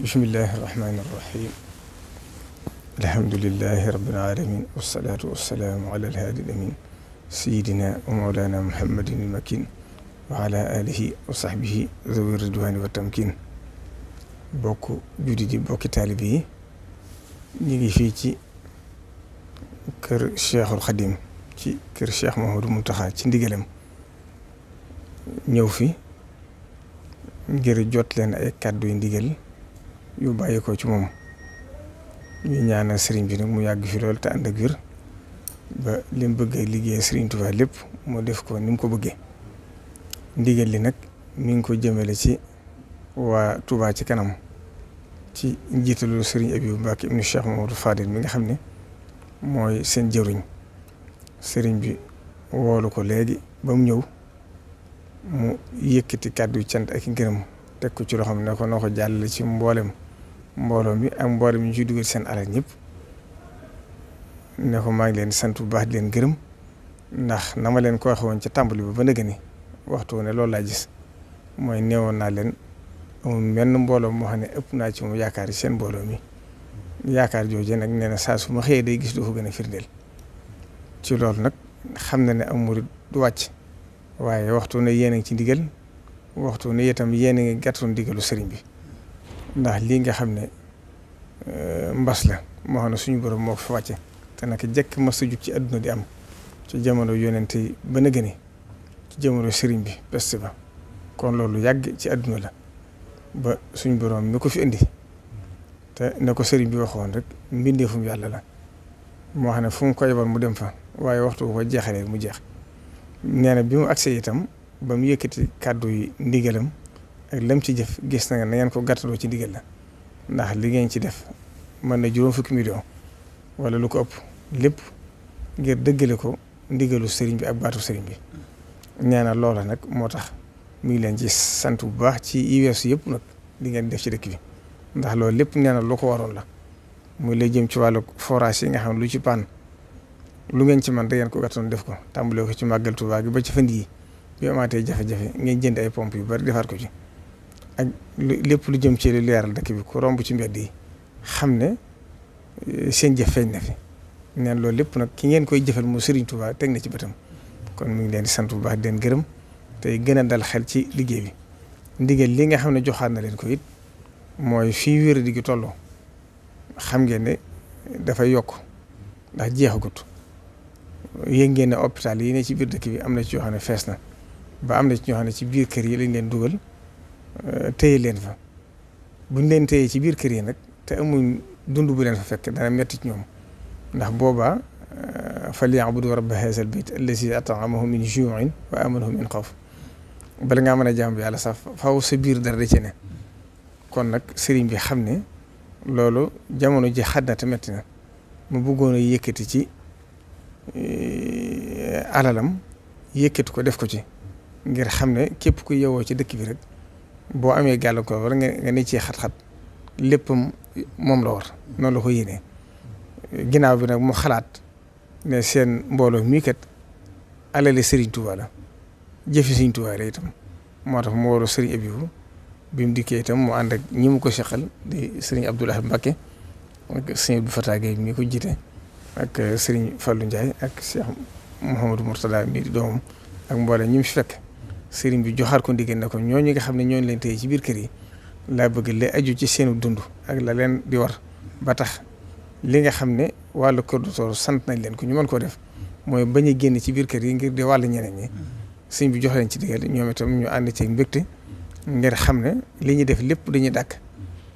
bismillahi irrahmani irrahim alhamdulilahi rabilalamin walsalaatu walsalaamu ala alhaadi lamin sayidina wa maulana muhammadin ilmakin wa ala alihi wa sahbihi zawi ridwani wa tamkin bokk judi bokki taalibe yi ñu ngi fii ci kër cheikhul xadim ci kër cheikh Mouhamadou Mountakha ci ndigalam ñëw fi ngir jot leen ay kàddu yu ndigal yu bàyyi ko ci moom ñu ñaanal sëriñ bi nag mu yàgg fi loolu te ànd ak wér ba li mu bëgg liggéey sëriñ Tuubaa lépp mu def ko ni mu ko bëggee ndigal li nag mi ngi ko jëmale ci waa Tuubaa ci kanam ci njiitalu sëriñ Abibu Mbàkke ibnu Cheikh Mamadou Fadil mi nga xam ne mooy seen jëruñ sëriñ bi woolu ko léegi ba mu ñëw mu yëkkati kàddu cant ak ngërëm teg ko ci loxoom ne ko noo ko jàllale ci mboolem. mbooloo mi ak mbooloo mi ñu ciy dugal seen alal ñëpp ne ko maa leen sant bu baax di leen gërëm ndax na ma leen ko waxee woon ca tàmbali ba ba nag ni waxtu ne loolu laa gis mooy neewoon naa leen amul menn mbooloo moo xam ne ëpp naa ci mu yaakaar seen mbooloo mi yaakaar jooju nag nee na saa su ma xëyee day gis du ko gën a firndeel ci loolu nag xam na ne am murid du wàcc waaye waxtu ne yéen a ngi ci ndigal waxtu ne itam yéen a ngi gàttoon digalu sëriñ bi. ndax lii nga xam ne euh, mbas la moo xam ne suñu borom moo ko fi wàcce te naka jekk mas a jug ci àdduna di am ci jamono yonent yi ba na ci jamono sëriñ bi peste ba kon loolu yàgg ci àdduna la ba suñu borom mi ko fi indi te na ko sëriñ bi waxoon rek mbindeefum yàlla la moo xam ne fu ko yebal mu dem fa waaye waxtu bu ko jeexalee mu jeex nee bi mu agsee itam ba mu yëkkati kàddu yi ndigalam ak lam ci jëf gis na nga ngeen ko gàttaloo ci ndigal la ndax li ngeen ci def mën na juróom fukki million wala lu ko ëpp lépp ngir dëggale ko ndigalu sëriñ bi ak baatu sëriñ bi ñaana loola nag moo tax mi ngi leen ci sant bu baax ci yi weesu yëpp nag di ngeen def ci dëkk bi ndax loolu lépp ñaana lu ko waroon la muy lay jëm ci wàllu forage yi nga xam lu ci paan lu ngeen ci man da ngeen ko gàttoon def ko tàmbalee ko ci màggal Tuubaa gi ba ci fan yii bi amaatee jënd ay pompe yu bari defaat ko ci ak lépp lu jëm ci leeral dëkk bi ku romb ci mbedd yi xam ne euh, seen jëf feeñ na fi neen loolu lépp nag ki ngeen koy jëfal mu Serigne Touba teg na ci bëtam kon mu ngi leen sant bu baax di gërëm tey gën a dal xel ci liggéey bi ndigal li nga xam ne joxaat na leen ko it mooy fii wér di gi tolloo xam ngeen ne dafay yokk ndax jeexagut yëg ngeen ne hôpital yi ne ci biir dëkk bi am na ci yoo xam ne fees na ba am na ci ñoo xam ne ci biir kër yi lañ leen dugal. Euh, téye leen fa buñ leen téyee ci biir kër yi nag te amuñ dund bu leen fa fekk dana metti ñoom ndax boobaa euh, falyabudu rabba haazal bayt allazi at'amahum min juu'in wa amanahum min xawf bala ngaa mën a jàmm yàlla sax faaw sa biir dara da ci ne kon nag sëriñ bi xam ne loolu jamono ji xat na na mu bëggoon a yëkkati ci euh, alalam yëkkati ko def ko ci ngir xam ne képp ku yewoo ci dëkk bi rek boo amee ko war nga nga ci xat-xat lépp moom la war noonu la ko yéenee ginnaaw bi nag mu xalaat ne seen mbooloo mii kat alali Serigne Touba la jëfi Serigne Touba itam moo tax mu waru Serigne Abibu bi mu dikkee itam mu ànd ak ñi mu ko seqal di Serigne Abdoul Ahad Mbacké ak Serigne Abdou Fatah Gueye ko jiite ak sëriñ Fallou Ndiaye ak Cheikh Mouhamadou Mourtada mi di doomam ak mboole ñi mu fi fekk. sëriñ bi joxaat ko ndigal na ko ñooñu nga xam ne ñooñu leen tey ci biir kër yi laa bëgg la aju ci seenu dund ak la leen di war ba tax li nga xam ne wàllu kër docteur sant nañ leen ko ñu mën koo def mooy bañ génn ci biir kër yi ngir di wàll ñeneen ñi mm. sëriñ bi jox leen ci digal ñoom itam ñu ànd ci mbégte ngir xam ne li ñuy def lépp dañuy dàkk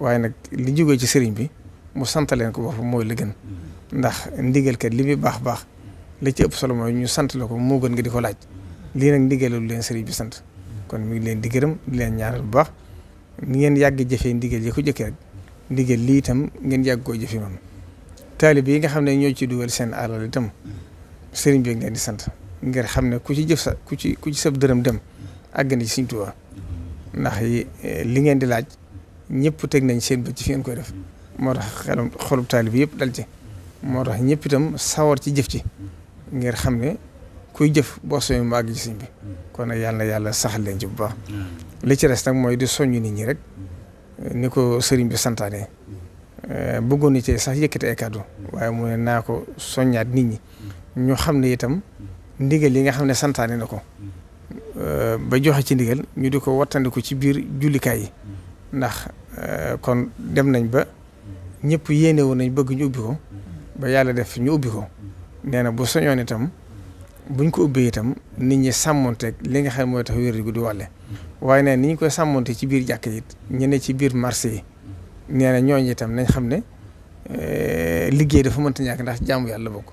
waaye nag li jógee ci sëriñ bi mu sant leen ko boppam mooy la gën mm. ndax ndigal kat li muy baax baax la ci ëpp solo mooy ñu sant la ko moo gën nga di ko laaj. lii nag ndigalul leen sëriñ bi sant kon mi ngi leen di gërëm leen ñaanal bu baax ni ngeen yàgg jëfee ndigal yi ko jëkkee rek ndigal lii itam ngeen yàgg koo jëfee moom taalib yi nga xam ne ñoo ci dugal seen alal itam sëriñ bi ngeen di sant ngir xam ne ku ci jëf sa ku ci ku sab dërëm dem àgg na ci Sëriñ Tuubaa ndax li ngeen di laaj ñépp teg nañ seen bët ci fi ngeen koy def moo tax xelum xolub taalib yëpp dal ci moo tax ñëpp itam sawar ci jëf ci ngir xam ne kuy jëf boo soñu mu àgg bi kon nag yàlla yàlla saxal leen ci bu baax li ci des mooy di soññ nit ñi rek ni ko sëriñ bi santaane eh, bëggoon na ci sax yëkkati ay kàddu waaye mu ne naa ko soññaat nit ñi ñu xam ne itam ndigal yi nga xam ne santaane na ko eh, ba joxe ci ndigal ñu di ko wattandiku ci biir jullikaay yi ndax eh, kon dem nañ ba ñëpp yéene woon nañ bëgg ñu ubbi ko ba yàlla def ñu ubbi ko nee na bu soñoon itam buñ ko ubbee itam nit ñi sàmmonteeg li nga xam mooy tax wér gu di wàlle waaye nag ni ñu koy sàmmonte ci biir jàkk yi ñu ne ci biir marché yi nee na ñooñu itam nañ xam ne eh, liggéey dafa mënta ñàkk ndax jàmm yàlla bokk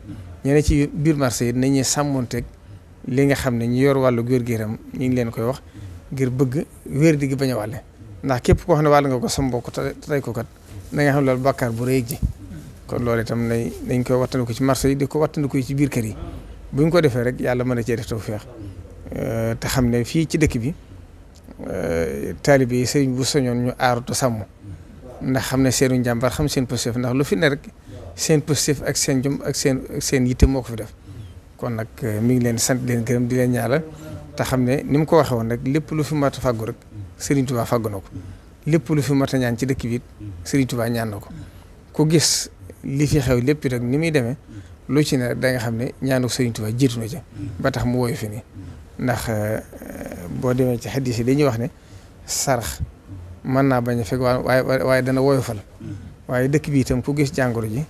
ñu ne ci biir marché yi sàmmoon sàmmonteeg li nga xam ne ñu yor wàllu wér gi itam ñu ngi leen koy wax ngir bëgg wér di gi bañ a wàlle ndax képp koo xam ne wàll nga ko sa mbokk tey ko kat na nga xam ne loolu bàkkaar bu rëy ji kon loolu itam nañ nañ koy wattandiku ci marché yi di ko wattandiku ci biir kër yi bu ñu ko defee rek yàlla mën a cee def tawfeex euh, te xam ne fii ci dëkk bi euh, taalibe yi sëriñ bu soñoon ñu aarutu sàmm ndax xam ne seenu njàmbar xam seen positif ndax lu fi ne rek seen positif ak seen jom ak seen seen yitte moo ko fi def kon nag euh, mi ngi leen sant leen gërëm di leen ñaala te xam ne ni mu ko waxee woon rek lépp lu fi mat fàggu rek sëriñ Tuubaa fàggu na ko lépp lu fi mat a ñaan ci dëkk bi it sëriñ Tuubaa ñaan na ko ku gis li fi xew lépp rek ni muy demee. lu ci ne da nga xam ne ñaanu Sëriñ Tuubaa jiitu na ca ba tax mu woyu fi ndax eh, boo demee ci xaddis yi dañuy wax ne sarax mën naa bañ a fekk waaye waaye dana woyofal waaye dëkk bi tam ku gis jàngoro ji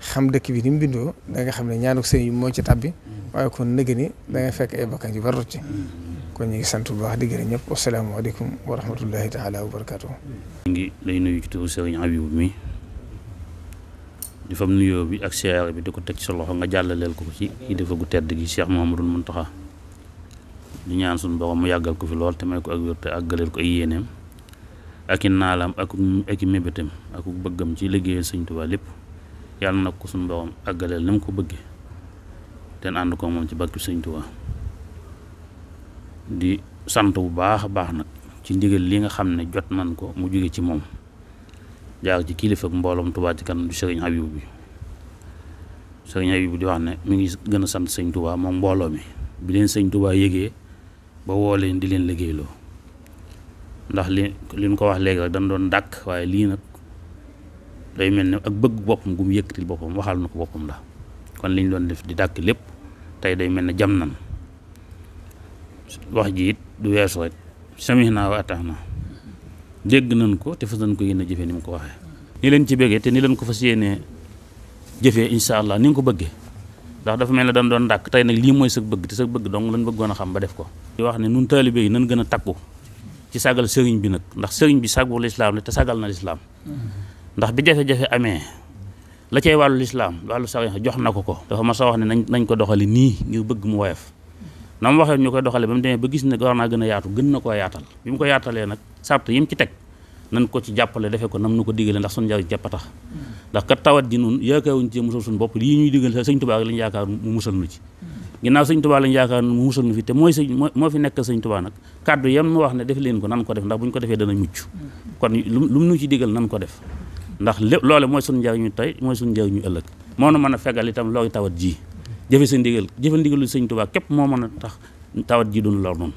xam dëkk bi ni mu bindoo da nga xam ne ñaanu sëriñ yi moo ci tàbbi waaye kon nëgë ni da nga fekk ay bakkan yu bari ci kon ñu ngi sant bu baax di gërëm ñëpp wasalaamaaleykum wa rahmatullahi taala wa barakaatu. ñu ngi lay nuyu ci turu sëriñ mi. di fam nuyoo bi ak siyaare bi di ko teg ci sa loxo nga jàllaleel ko ci kilifa gu tedd gi Cheikh Mouhamadul Mountakha di ñaan suñu borom mu yàggal ko fi lool te may ko ak wér te àggaleel ko ay yéeneem ak i naalaam ak ak i mébétam bëggam ci liggéeyal Sëñ Tuubaa lépp yàlla na ko suñu borom àggaleel ni mu ko bëggee te ànd ko moom ci bakki Sëñ Tuubaa di sant bu baax a baax nag ci ndigal li nga xam ne jot man ko mu jóge ci moom jaar ci kilifa ak mbooloom Touba ci kanam du Serigne Habib bi Serigne Habib di wax ne mu ngi gën a sant sëñ Touba moom mbooloo mi bi leen sëñ Touba yëgee ba woo leen di leen liggéeyloo ndax li li ñu ko wax léegi rek dañ doon dàkk waaye lii nag day mel ni ak bëgg boppam gu mu yëkkatil boppam waxal na ko boppam la kon liñ doon def di dàkk lépp tey day mel ni jam nan wax ji it du weesu rek samih naa wa atax na dégg nañ ko te fas nañ ko yéene jëfee ni mu ko waxee ni leen ci bëggee te ni leen ko fas yéenee jëfe incha allah ni nga ko bëggee ndax dafa mel ne dañ doon dàkk tey nag lii mooy sa bëgg te sa bëgg dong lañ bëggoon a xam ba def ko di wax ne nun taalibe yi nan gën a takku ci sàggal sëriñ bi nag ndax sëriñ bi sàggu lislaam la te sàggal na lislaam ndax bi jafe-jafe amee la cay wàllu lislaam wàllu sariya jox na ko ko dafa ma sa wax ne nañ nañ ko doxali nii ngir bëgg mu woyof na mu waxee ñu koy doxalee ba mu demee ba gis ne war naa gën a yaatu gën na koo yaatal bi mu ko yaatalee nag sart yim ci teg nan ko ci jàppale defee ko nam nu ko diggalee ndax sun njariñ jàpp tax ndax kat tawat ji nun yaakaaruñ ci musal suñu bopp lii ñuy diggal sëñ Tuubaa lañu yaakaar mu musal nu ci ginnaaw sëñ Tuubaa lañu yaakaar mu musal nu te mooy sëñ moo fi nekk sëñ Tuubaa nag kàddu yam nu wax ne def leen ko nan ko def ndax bu ñu ko defee dana mucc kon lu mu nu ci diggal nan ko def ndax lépp loole mooy sun njariñu tey mooy sun njariñu ëllëg moo na mën a fegal itam looy tawat jii jëfe sa ndigal jëfe ndigalu sëñ tubaa képp moo mën a tax tawat ji doon lor noonu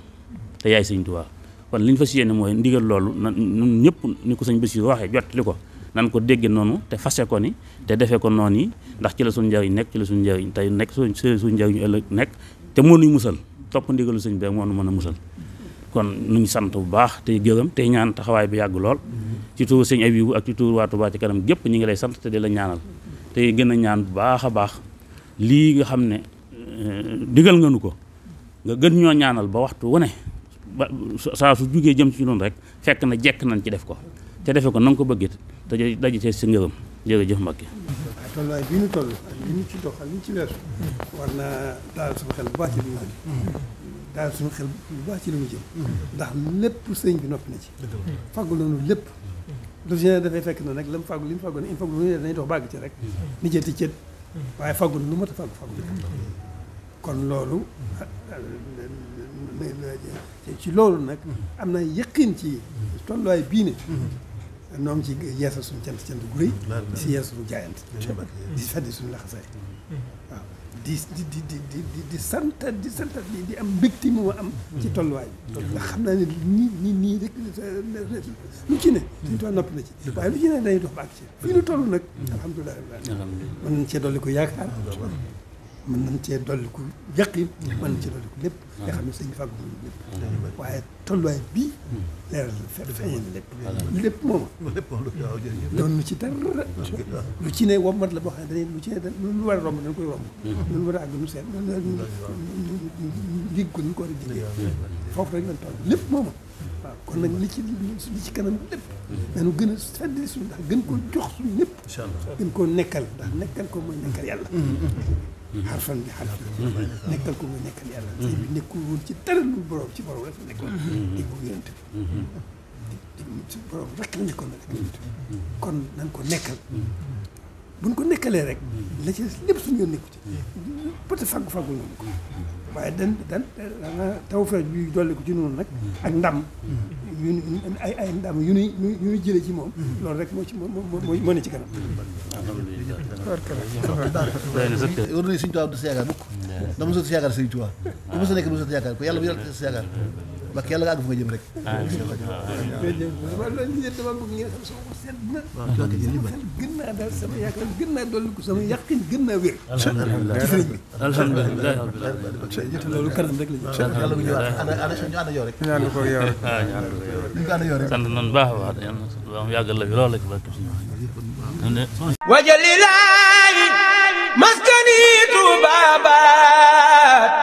te yaay sëñ tubaa kon li ñu fas yéene mooy ndigal loolu na ñun ñëpp ni ko sëñ Bassirou waxee jottali ko nan ko dégge noonu te fase ko ni te defe ko noonu yi ndax ci la suñu njariñ nekk ci la suñu njariñ tey nekk suñ suñu njariñ ëllëg nekk te moo nuy musal topp ndigalu sëñ bi moo nu mën a musal kon ñu ngi sant bu baax tey gërëm tey ñaan taxawaay bu yàgg lool ci sëñ Abibu ak ci waa Touba ci kanam ngi lay sant te di la tey gën a ñaan bu baax a baax lii nga xam ne euh, digal nga nu ko nga gën ñoo ñaanal ba waxtu wu ne ba saa su jugee jëm ci noonu rek fekk na jekk nañ ci def ko te ko na nga ko bëggee te daje te si ngërëm jërëjëf Mbacke tolluwaay bii ñu toll ak li ñu ci dox ak li ñu ci weesu war naa daal suñu xel bu baax ci li ñu jëm daal suñu xel bu baax ci li ñu ndax lépp sëñ bi noppi na ci fàggu loonu lépp lu si ne dafay fekk na nag la mu fàggu li mu fàggu ne in fàggu lu ne dañuy dox bàgg ci rek mm-hmm. ni jëti waaye faggu na lu mot a faggu kon loolu ci loolu nag am na yëqin ci tolluwaay bii ne noo ngi ci yeesal suñu cant cant gu rëy di si yeesal suñu di si feddi suñu laxasaay mm-hmm. waaw di di di di di di santa di santa di di am ti mu am mm-hmm. ci tolluwaay bi ndax xam naa ne nii nii nii rek lu ci ne mm-hmm. suñu tool noppi na ci waaye lu ci ne dañuy dox ba ak ci fii nu toll nag alhamdulilah na nañ cee dolli ko yaakaar mën nañ cee dolliku yaqin mën nañ lépp nga xam ne sëñ bi fàggu wuñu lépp waaye tolluwaay bii leeral du lépp lépp mooma doon lu ci dara lu ci ne wommat la lu ci ne lu war a romb dañ koy romb lu war a àgg nu seet digg ko ñu ko war a diggee foofu rek lañ toll lépp mooma waaw kon nag li ci li ci kanam lépp dañu gën a fàttali suñu ndax gën koo jox suñu lépp gën koo nekkal ndax nekkal ko mooy nekkal yàlla mm-hmm. xarfan bi xarfan mm-hmm. nekkal ko muy nekkal yàlla sëñ mm-hmm. bi nekkul woon ci dara lu borom ci borom nekkoon mm-hmm. di bu yonent bi la nekkoon nag kon nañ ko nekkal buñ ko nekkalee rek la ci des lépp suñu yoon nekku ci peut-être fàggu fàggul noonu ko waaye dana taw feex bi dolli ko ci noonu nag ak ndam yu ay ay ndam yu nuy yu nuy ci moom. loolu rek moo ci moo moo moo ne ci kanam. alhamdulilah. war nañu suñu tubaab du sa yaakaar mukk. dama mosut sa yaakaar Sëriñ Tuubaa. bu mos a nekk sa yaakaar ko yàlla bu yàlla sa barke yàlla nga àgg fu nga jëm rek loolu nit dama bëgg ngeen xam sama seet na gën naa daal sama yaakaar gën naa dolli ko sama yàqin gën naa wér alhamdulilah loolu kanam rek la yàlla ñu ànd yow rek ñaan ko yow rek ñu ànd yow rek ah, sant nañu baax a baax yàlla yàggal la fi loolu rek barke wajalilaay maskanitu baabaat